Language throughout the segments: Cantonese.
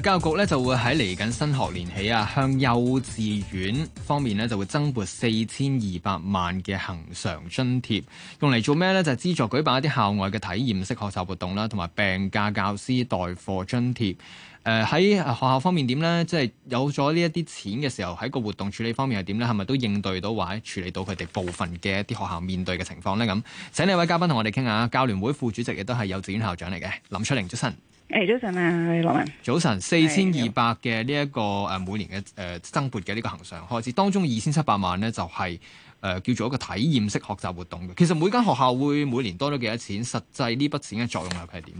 教育局咧就會喺嚟緊新學年起啊，向幼稚園方面咧就會增撥四千二百萬嘅恒常津貼，用嚟做咩呢？就係資助舉辦一啲校外嘅體驗式學習活動啦，同埋病假教師代課津貼。誒、呃，喺學校方面點呢？即係有咗呢一啲錢嘅時候，喺個活動處理方面係點呢？係咪都應對到或者處理到佢哋部分嘅一啲學校面對嘅情況呢？咁請呢位嘉賓同我哋傾下，教聯會副主席亦都係幼稚園校長嚟嘅林翠玲，早晨。誒，hey, 早晨啊，羅文。早晨，四千二百嘅呢一個誒每年嘅誒、呃、增撥嘅呢個恒常開支當中二千七百萬呢，就係、是、誒、呃、叫做一個體驗式學習活動嘅。其實每間學校會每年多咗幾多錢？實際呢筆錢嘅作用又係點？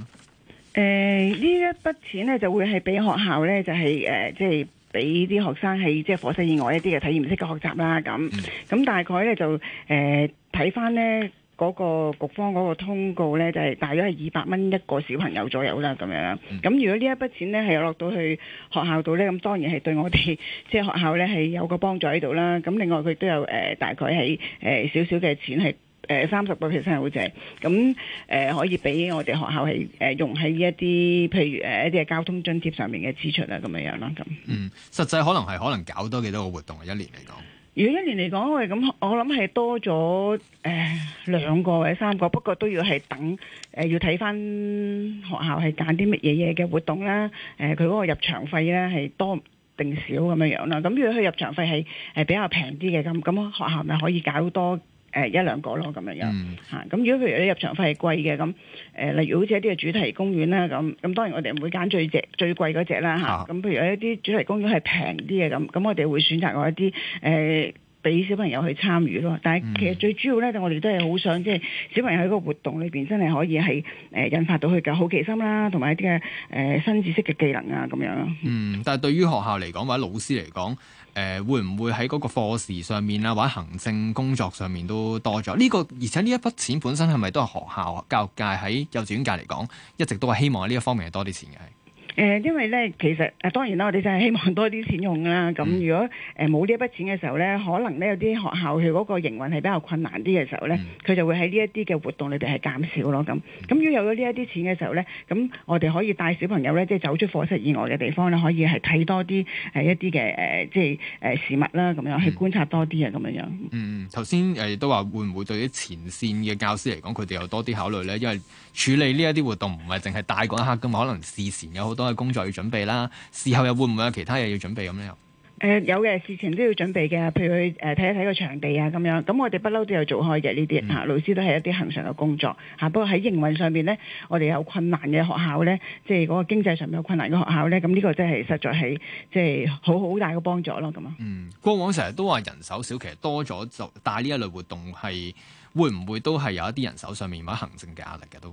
誒、呃，一筆錢呢一筆錢咧就會係俾學校咧就係、是、誒、呃、即係俾啲學生係即係課室以外一啲嘅體驗式嘅學習啦。咁咁、嗯、大概咧就誒睇翻咧。呃嗰個局方嗰個通告呢，就係、是、大約係二百蚊一個小朋友左右啦，咁樣。咁如果呢一筆錢呢係有落到去學校度呢，咁當然係對我哋即係學校呢，係有個幫助喺度啦。咁另外佢都有誒、呃、大概係誒少少嘅錢係誒三十個 percent 好正，咁、呃、誒、呃、可以俾我哋學校係誒、呃、用喺一啲譬如誒、呃、一啲交通津貼上面嘅支出啊咁樣樣啦。咁嗯，實際可能係可能搞多幾多個活動啊？一年嚟講。如果一年嚟講，我咁，我諗係多咗誒兩個或者三個，不過都要係等誒、呃，要睇返學校係揀啲乜嘢嘢嘅活動啦。誒、呃，佢嗰個入場費咧係多定少咁樣樣啦。咁如果佢入場費係誒比較平啲嘅，咁咁學校咪可以搞多。誒一兩個咯，咁樣樣嚇，咁、嗯、如果譬如啲入場費係貴嘅咁，誒例如好似一啲嘅主題公園啦咁，咁當然我哋唔會揀最值最貴嗰隻啦嚇，咁、啊、譬如有一啲主題公園係平啲嘅咁，咁我哋會選擇嗰一啲誒。呃俾小朋友去參與咯，但係其實最主要咧，我哋都係好想即係小朋友喺個活動裏邊，真係可以係誒引發到佢嘅好奇心啦，同埋一啲嘅誒新知識嘅技能啊咁樣咯。嗯，但係對於學校嚟講或者老師嚟講，誒、呃、會唔會喺嗰個課時上面啊，或者行政工作上面都多咗？呢、呢個而且呢一筆錢本身係咪都係學校教育界喺幼稚園界嚟講，一直都係希望喺呢一方面係多啲錢嘅？誒，因為咧，其實誒，當然啦，我哋就係希望多啲錢用啦。咁如果誒冇呢一筆錢嘅時候咧，可能咧有啲學校佢嗰個營運係比較困難啲嘅時候咧，佢、嗯、就會喺呢一啲嘅活動裏邊係減少咯。咁咁要有咗呢一啲錢嘅時候咧，咁我哋可以帶小朋友咧，即係走出課室以外嘅地方咧，可以係睇多啲、呃呃呃、誒一啲嘅誒即係誒事物啦，咁樣去觀察多啲啊，咁樣樣。嗯嗯，頭先誒都話會唔會對於前線嘅教師嚟講，佢哋有多啲考慮咧？因為處理呢一啲活動唔係淨係帶嗰一刻噶嘛，可能事前有好多。嘅工作要準備啦，事後又會唔會有其他嘢要準備咁咧？誒、呃、有嘅事情都要準備嘅，譬如去誒睇、呃、一睇個場地啊咁樣。咁我哋不嬲都有做開嘅呢啲嚇，老、啊、師都係一啲恒常嘅工作嚇、啊。不過喺營運上面咧，我哋有困難嘅學校咧，即係嗰個經濟上面有困難嘅學校咧，咁呢個真係實在係即係好好大嘅幫助咯。咁啊，嗯，過往成日都話人手少，其實多咗就，但係呢一類活動係會唔會都係有一啲人手上面或行政嘅壓力嘅都？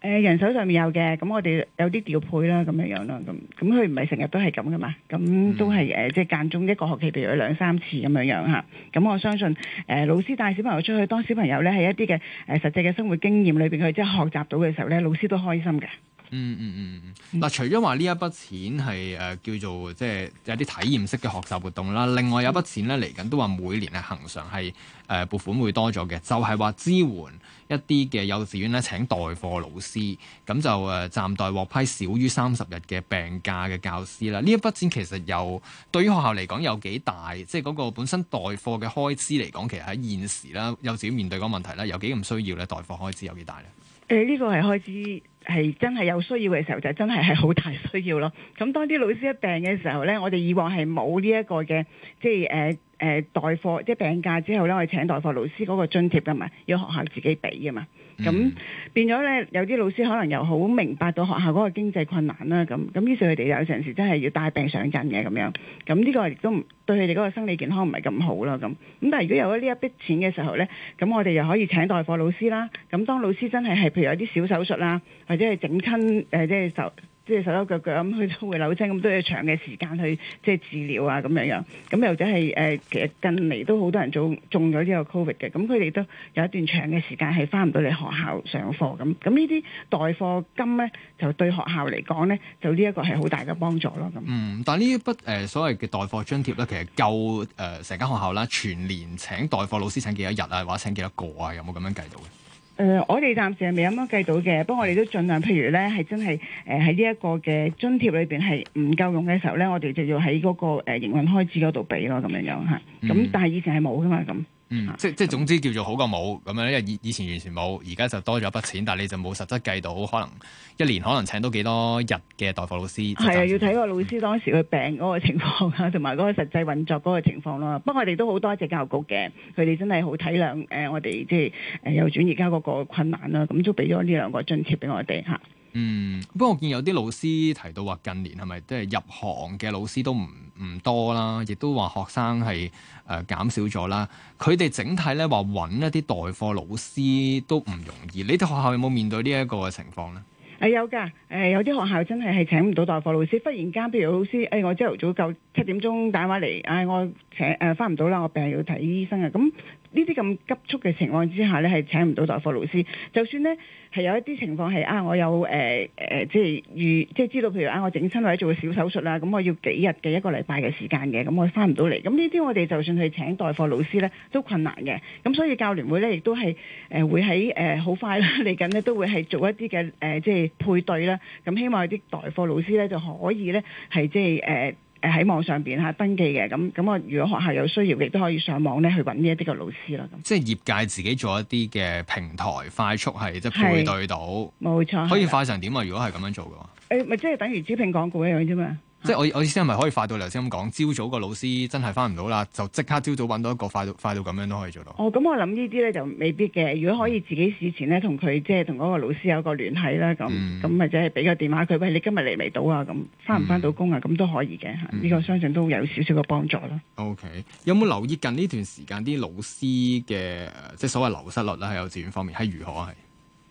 誒，人手上面有嘅，咁我哋有啲調配啦，咁樣樣啦，咁，咁佢唔係成日都係咁噶嘛，咁都係誒，即係間中一個學期，譬如有兩三次咁樣樣吓，咁、啊、我相信，誒、呃，老師帶小朋友出去，當小朋友咧係一啲嘅誒實際嘅生活經驗裏邊，佢即係學習到嘅時候咧，老師都開心嘅。嗯嗯嗯嗯嗱，除咗話呢一筆錢係誒、呃、叫做即係有啲體驗式嘅學習活動啦，另外有一筆錢咧嚟緊都話每年係恒常係誒撥款會多咗嘅，就係、是、話支援一啲嘅幼稚園咧，請代課老師咁就誒暫、呃、代獲批少於三十日嘅病假嘅教師啦。呢一筆錢其實又對於學校嚟講有幾大，即係嗰個本身代課嘅開支嚟講，其實喺現時啦，幼稚園面對嗰個問題啦，有幾咁需要咧，代課開支有幾大咧？誒、欸，呢個係開支。係真係有需要嘅時候，就真係係好大需要咯。咁當啲老師一病嘅時候咧，我哋以往係冇呢一個嘅，即係誒。呃誒、呃、代課即係病假之後咧，我哋請代課老師嗰個津貼噶嘛，要學校自己俾噶嘛。咁、嗯、變咗咧，有啲老師可能又好明白到學校嗰個經濟困難啦。咁咁於是佢哋有陣時真係要帶病上陣嘅咁樣。咁呢個亦都對佢哋嗰個生理健康唔係咁好啦。咁咁但係如果有咗呢一筆錢嘅時候咧，咁我哋又可以請代課老師啦。咁當老師真係係譬如有啲小手術啦，或者係整親誒即係手。呃，即係受即係手手腳腳咁，佢都會扭親，咁都要長嘅時間去即係治療啊，咁樣樣。咁又或者係誒、呃，其實近嚟都好多人做中中咗呢個 COVID 嘅。咁佢哋都有一段長嘅時間係翻唔到嚟學校上課咁。咁呢啲代課金咧，就對學校嚟講咧，就呢一個係好大嘅幫助咯。咁嗯，但係呢一筆誒、呃、所謂嘅代課津貼咧，其實夠誒成、呃、間學校啦，全年請代課老師請幾多日啊，或者請幾多個啊，有冇咁樣計到嘅？誒、呃，我哋暫時係未咁樣計到嘅，不過我哋都盡量，譬如咧係真係誒喺呢一個嘅津貼裏邊係唔夠用嘅時候咧，我哋就要喺嗰、那個誒營運開支嗰度俾咯，咁樣樣吓。咁、啊、但係以前係冇㗎嘛咁。嗯，即即總之叫做好過冇咁樣，因為以以前完全冇，而家就多咗一筆錢，但係你就冇實質計到，可能一年可能請到幾多日嘅代課老師。係啊、嗯，是要睇個老師當時佢病嗰個情況啊，同埋嗰個實際運作嗰個情況咯。不過我哋都好多謝教育局嘅，佢哋真係好體諒誒我哋即係誒有轉而家嗰個困難啦，咁都俾咗呢兩個津貼俾我哋嚇。嗯，不過我見有啲老師提到話，近年係咪即係入行嘅老師都唔唔多啦，亦都話學生係誒、呃、減少咗啦。佢哋整體咧話揾，一啲代課老師都唔容易。你哋學校有冇面對呢一個嘅情況咧？誒有噶，誒有啲學校真係係請唔到代課老師。忽然間，譬如老師，誒我朝頭早夠七點鐘打電話嚟，嗌、哎、我請誒翻，唔到啦，我病要睇醫生啊，咁。呢啲咁急促嘅情況之下咧，係請唔到代課老師。就算咧係有一啲情況係啊，我有誒誒、呃呃，即係預即係知道，譬如啊，我整親或者做個小手術啦，咁、啊、我要幾日嘅一個禮拜嘅時間嘅，咁、啊、我翻唔到嚟。咁呢啲我哋就算去請代課老師咧，都困難嘅。咁、啊、所以教聯會咧，亦都係誒、呃、會喺誒好快啦嚟緊咧，都會係做一啲嘅誒即係配對啦。咁、啊、希望有啲代課老師咧就可以咧係即係誒。呃誒喺網上邊嚇登記嘅，咁咁我如果學校有需要，亦都可以上網咧去揾呢一啲嘅老師啦。即係業界自己做一啲嘅平台，快速係即係配對到，冇錯，可以快成點啊？的如果係咁樣做嘅話，誒咪即係等於招聘廣告一樣啫嘛。即係我我意思係咪可以快到？你頭先咁講，朝早個老師真係翻唔到啦，就即刻朝早搵到一個快到快到咁樣都可以做到。哦，咁我諗呢啲咧就未必嘅。如果可以自己事前咧同佢即係同嗰個老師有個聯繫啦，咁咁或者係俾個電話佢，喂，你今日嚟未到啊？咁翻唔翻到工啊？咁、嗯、都可以嘅。呢、嗯、個相信都有少少嘅幫助咯。OK，有冇留意近呢段時間啲老師嘅即係所謂流失率咧？喺幼稚園方面係如何係？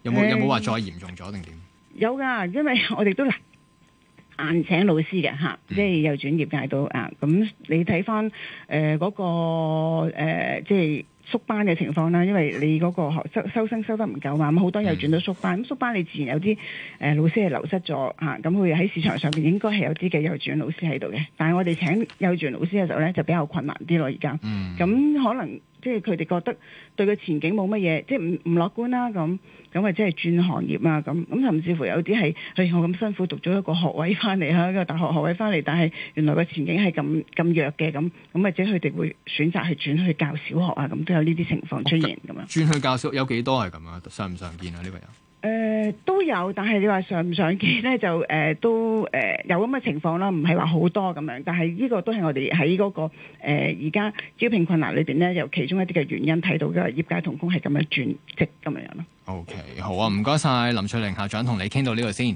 有冇有冇話、嗯、再嚴重咗定點？有㗎，因為我哋都。硬請老師嘅嚇、啊，即係幼稚園業界度啊！咁你睇翻誒嗰個、呃、即係縮班嘅情況啦，因為你嗰個學收收生收得唔夠嘛，咁、啊、好多又轉到縮班。咁、嗯、縮班你自然有啲誒、呃、老師係流失咗嚇，咁佢喺市場上邊應該係有啲嘅幼稚園老師喺度嘅。但係我哋請幼稚園老師嘅時候咧，就比較困難啲咯，而家。嗯。咁可能。即係佢哋覺得對個前景冇乜嘢，即係唔唔樂觀啦咁，咁啊或者係轉行業啊咁，咁甚至乎有啲係，唉、哎、我咁辛苦讀咗一個學位翻嚟吓，一個大學學位翻嚟，但係原來個前景係咁咁弱嘅咁，咁啊或者佢哋會選擇係轉去教小學啊，咁都有呢啲情況出現咁樣。哦、轉去教小學有幾多係咁啊？常唔常見啊？呢個人。誒、呃，都有，但係你話上唔上機咧，就誒、呃、都誒、呃、有咁嘅情況啦，唔係話好多咁樣。但係呢個都係我哋喺嗰個誒而家招聘困難裏邊咧，由其中一啲嘅原因睇到嘅業界同工係咁樣轉職咁樣樣咯。O.K. 好啊，唔該晒。林翠玲校長，同你傾到呢度先。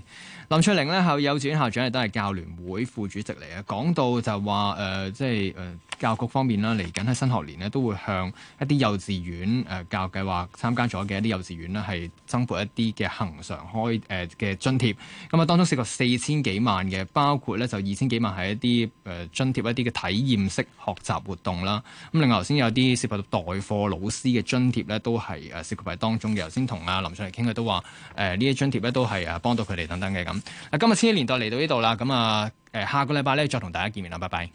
林翠玲呢，係幼稚園校長，亦都係教聯會副主席嚟嘅。講到就話誒、呃，即係誒、呃、教育局方面啦，嚟緊喺新學年咧，都會向一啲幼稚園誒、呃、教育計劃參加咗嘅一啲幼稚園呢，係增撥一啲嘅恒常開誒嘅、呃、津貼。咁啊，當中涉及四千幾萬嘅，包括呢就二千幾萬係一啲誒津貼一啲嘅體驗式學習活動啦。咁、啊、另外頭先有啲涉及到代課老師嘅津貼呢，都係誒涉及喺當中嘅。頭先同啊！林上嚟傾佢都話，誒、呃、呢一張帖咧都係啊幫到佢哋等等嘅咁。啊，今日千禧年代嚟到呢度啦，咁啊誒下個禮拜咧再同大家見面啦，拜拜。